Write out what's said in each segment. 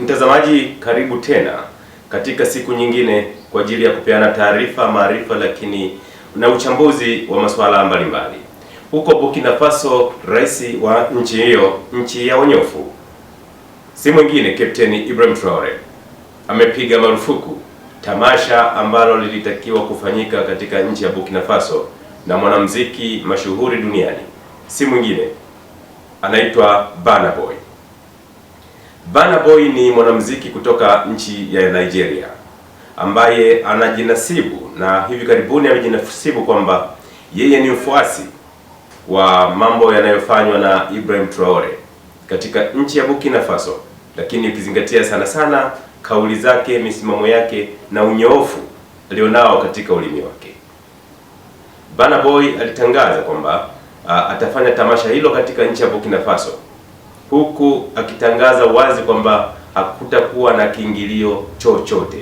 Mtazamaji, karibu tena katika siku nyingine kwa ajili ya kupeana taarifa, maarifa lakini na uchambuzi wa masuala mbalimbali. Huko Burkina Faso, rais wa nchi hiyo, nchi ya onyofu, si mwingine Kapteni Ibrahim Traore amepiga marufuku tamasha ambalo lilitakiwa kufanyika katika nchi ya Burkina Faso na mwanamuziki mashuhuri duniani, si mwingine anaitwa Burna Boy. Burna Boy ni mwanamuziki kutoka nchi ya Nigeria ambaye anajinasibu na hivi karibuni amejinasibu kwamba yeye ni mfuasi wa mambo yanayofanywa na Ibrahim Traore katika nchi ya Burkina Faso, lakini ukizingatia sana sana kauli zake, misimamo yake na unyoofu alionao katika ulimi wake. Burna Boy alitangaza kwamba uh, atafanya tamasha hilo katika nchi ya Burkina Faso huku akitangaza wazi kwamba hakutakuwa na kiingilio chochote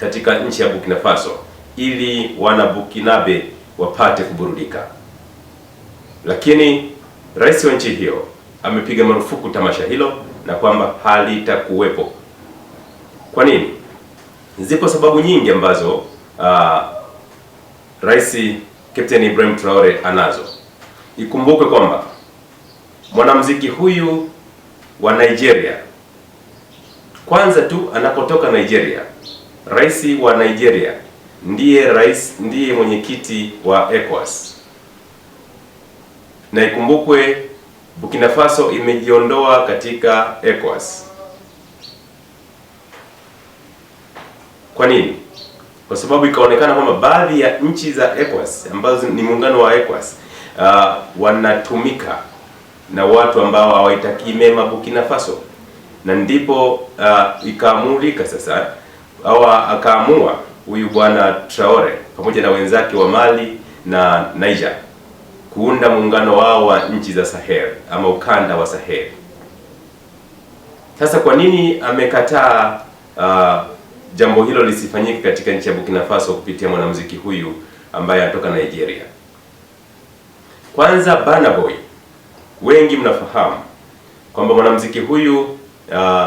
katika nchi ya Burkina Faso ili wana Burkinabe wapate kuburudika. Lakini rais wa nchi hiyo amepiga marufuku tamasha hilo na kwamba halitakuwepo. Kwa nini? zipo sababu nyingi ambazo uh, rais Captain Ibrahim Traore anazo. Ikumbuke kwamba mwanamuziki huyu wa Nigeria, kwanza tu anapotoka Nigeria, rais wa Nigeria ndiye rais, ndiye mwenyekiti wa ECOWAS. Na ikumbukwe Burkina Faso imejiondoa katika ECOWAS. Kwa nini? Kwa sababu ikaonekana kwamba baadhi ya nchi za ECOWAS ambazo ni muungano wa ECOWAS uh, wanatumika na watu ambao hawaitakii mema Burkina Faso, na ndipo uh, ikaamurika sasa au akaamua huyu bwana Traore pamoja na wenzake wa Mali na Niger kuunda muungano wao wa nchi za Sahel ama ukanda wa Sahel. Sasa kwa nini amekataa uh, jambo hilo lisifanyike katika nchi ya Burkina Faso kupitia mwanamuziki huyu ambaye anatoka Nigeria? Kwanza Burna Boy wengi mnafahamu kwamba mwanamuziki huyu uh,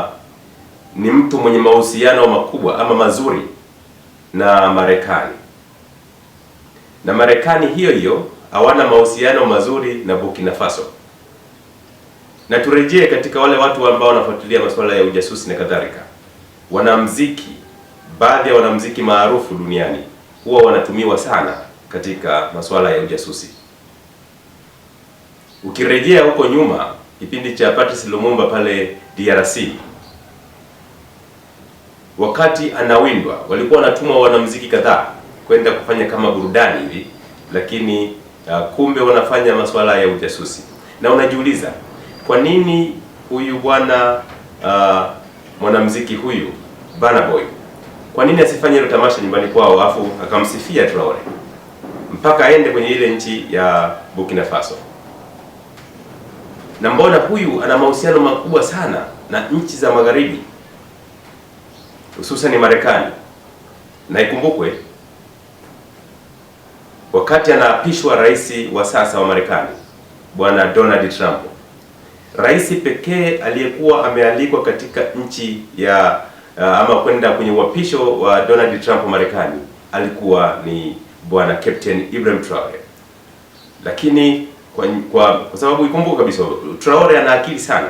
ni mtu mwenye mahusiano makubwa ama mazuri na Marekani, na Marekani hiyo hiyo hawana mahusiano mazuri na Burkina Faso. Na turejee katika wale watu ambao wanafuatilia masuala ya ujasusi na kadhalika, wanamziki baadhi ya wanamziki maarufu duniani huwa wanatumiwa sana katika masuala ya ujasusi. Ukirejea huko nyuma kipindi cha Patrice Lumumba pale DRC, wakati anawindwa walikuwa wanatumwa wanamuziki kadhaa kwenda kufanya kama burudani hivi, lakini uh, kumbe wanafanya masuala ya ujasusi, na unajiuliza kwa nini huyu bwana uh, mwanamuziki huyu Burna Boy, kwa nini asifanye tamasha nyumbani kwao afu akamsifia Traore mpaka aende kwenye ile nchi ya Burkina Faso? na mbona huyu ana mahusiano makubwa sana na nchi za magharibi hususan Marekani. Na ikumbukwe wakati anaapishwa rais wa sasa wa Marekani bwana Donald Trump, rais pekee aliyekuwa amealikwa katika nchi ya uh, ama kwenda kwenye uapisho wa Donald Trump Marekani alikuwa ni bwana Captain Ibrahim Traore, lakini kwa, kwa, kwa sababu ikumbuka kabisa Traore ana akili sana,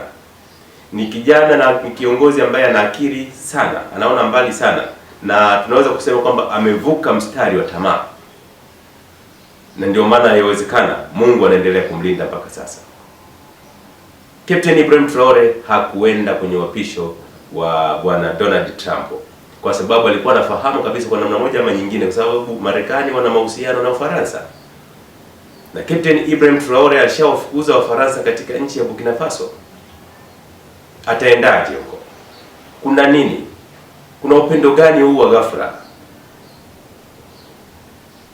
ni kijana na ni kiongozi ambaye ana akili sana, anaona mbali sana, na tunaweza kusema kwamba amevuka mstari wa tamaa, na ndio maana haiwezekana Mungu anaendelea kumlinda mpaka sasa. Captain Ibrahim Traore hakuenda kwenye wapisho wa bwana Donald Trump kwa sababu alikuwa anafahamu kabisa kwa namna moja ama nyingine, kwa sababu Marekani wana mahusiano na Ufaransa na Captain Ibrahim Traore alishawafukuza Wafaransa katika nchi ya Burkina Faso. Ataendaje huko? Kuna nini? Kuna upendo gani huu wa ghafla?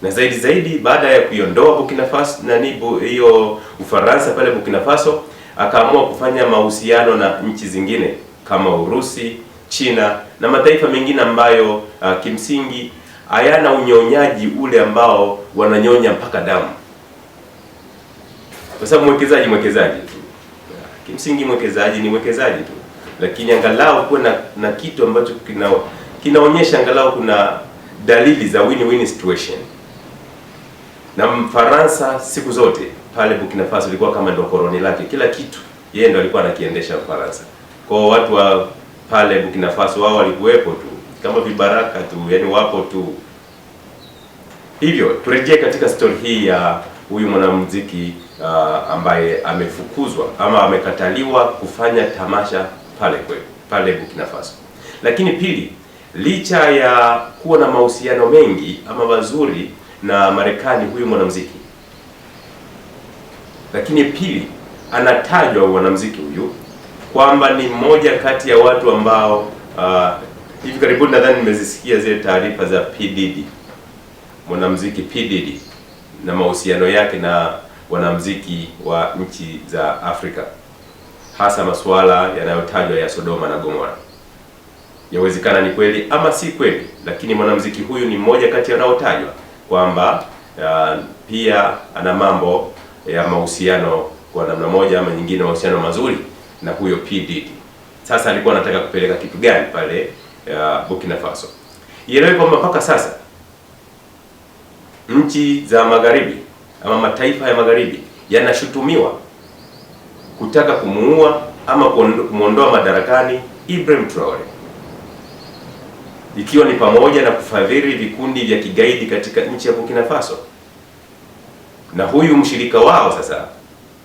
Na zaidi zaidi, baada ya kuiondoa Burkina Faso nani hiyo Ufaransa pale Burkina Faso, akaamua kufanya mahusiano na nchi zingine kama Urusi, China na mataifa mengine ambayo uh, kimsingi hayana unyonyaji ule ambao wananyonya mpaka damu kwa sababu mwekezaji mwekezaji tu, kimsingi mwekezaji ni mwekezaji tu, lakini angalau kuwe na, na kitu ambacho kina, kinaonyesha angalau kuna dalili za win win situation. Na Mfaransa siku zote pale Burkina Faso ilikuwa kama ndo koloni lake, kila kitu yeye ndo alikuwa anakiendesha Mfaransa. Kwa watu wa pale Burkina Faso wao walikuwepo tu kama vibaraka tu, yani wapo tu hivyo. Turejee katika story hii ya huyu mwanamuziki uh, ambaye amefukuzwa ama amekataliwa kufanya tamasha pale kwe, pale Burkina Faso. Lakini pili, licha ya kuwa na mahusiano mengi ama mazuri na Marekani huyu mwanamuziki, lakini pili anatajwa mwanamuziki huyu kwamba ni mmoja kati ya watu ambao uh, hivi karibuni nadhani nimezisikia zile taarifa za pdd mwanamuziki PDD na mahusiano yake na wanamuziki wa nchi za Afrika, hasa masuala yanayotajwa ya Sodoma na Gomora. Yawezekana ni kweli ama si kweli, lakini mwanamuziki huyu ni mmoja kati ya wanaotajwa kwamba uh, pia ana mambo ya mahusiano kwa namna moja ama nyingine, mahusiano mazuri na huyo P Diddy. Sasa alikuwa anataka kupeleka kitu gani pale uh, Burkina Faso? Ielewe kwamba mpaka sasa nchi za magharibi ama mataifa ya magharibi yanashutumiwa kutaka kumuua ama kumwondoa madarakani Ibrahim Traore, ikiwa ni pamoja na kufadhili vikundi vya kigaidi katika nchi ya Burkina Faso. Na huyu mshirika wao sasa,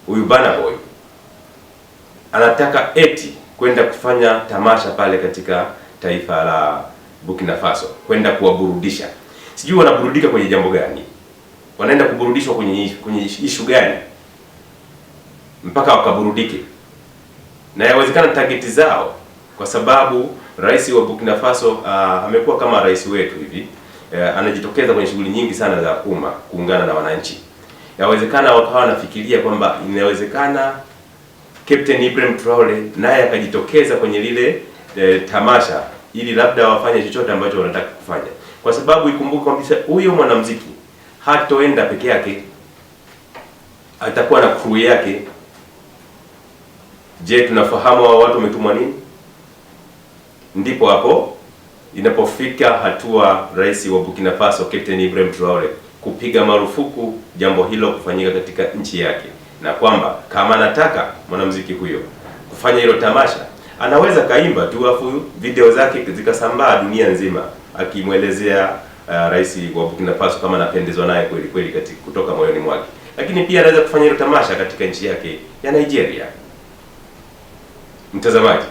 huyu Burna Boy anataka eti kwenda kufanya tamasha pale katika taifa la Burkina Faso, kwenda kuwaburudisha. Sijui wanaburudika kwenye jambo gani? wanaenda kuburudishwa kwenye kwenye ishu gani mpaka wakaburudike? Na yawezekana target zao, kwa sababu rais wa Burkina Faso uh, amekuwa kama rais wetu hivi uh, anajitokeza kwenye shughuli nyingi sana za umma kuungana na wananchi. Yawezekana wakawa wanafikiria kwamba inawezekana Captain Ibrahim Traore naye akajitokeza kwenye lile e, tamasha ili labda wafanye chochote ambacho wanataka kufanya, kwa sababu ikumbuke kabisa huyo mwanamuziki hatoenda peke yake, atakuwa na crew yake. Je, tunafahamu hao watu wametumwa nini? Ndipo hapo inapofika hatua rais wa Burkina Faso Captain Ibrahim Traore kupiga marufuku jambo hilo kufanyika katika nchi yake, na kwamba kama anataka mwanamuziki huyo kufanya hilo tamasha anaweza kaimba tu afu video zake zikasambaa dunia nzima akimwelezea uh, rais wa Burkina Faso kama anapendezwa naye kweli kweli katika kutoka moyoni mwake, lakini pia anaweza kufanya hilo tamasha katika nchi yake ya Nigeria. Mtazamaji,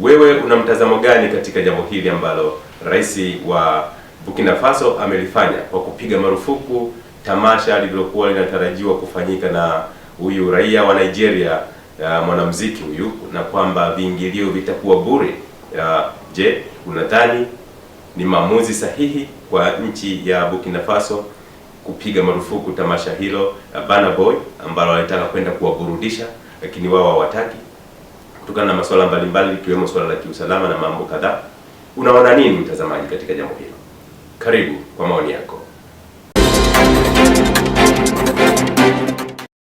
wewe una mtazamo gani katika jambo hili ambalo rais wa Burkina Faso amelifanya kwa kupiga marufuku tamasha lililokuwa linatarajiwa kufanyika na huyu raia wa Nigeria uh, mwanamuziki huyu na kwamba viingilio vitakuwa bure. Uh, je, unadhani ni maamuzi sahihi kwa nchi ya Burkina Faso kupiga marufuku tamasha hilo la Burna Boy ambalo walitaka kwenda kuwaburudisha, lakini wao hawataki kutokana na masuala mbalimbali ikiwemo suala la kiusalama na mambo kadhaa. Unaona nini mtazamaji katika jambo hilo? Karibu kwa maoni yako.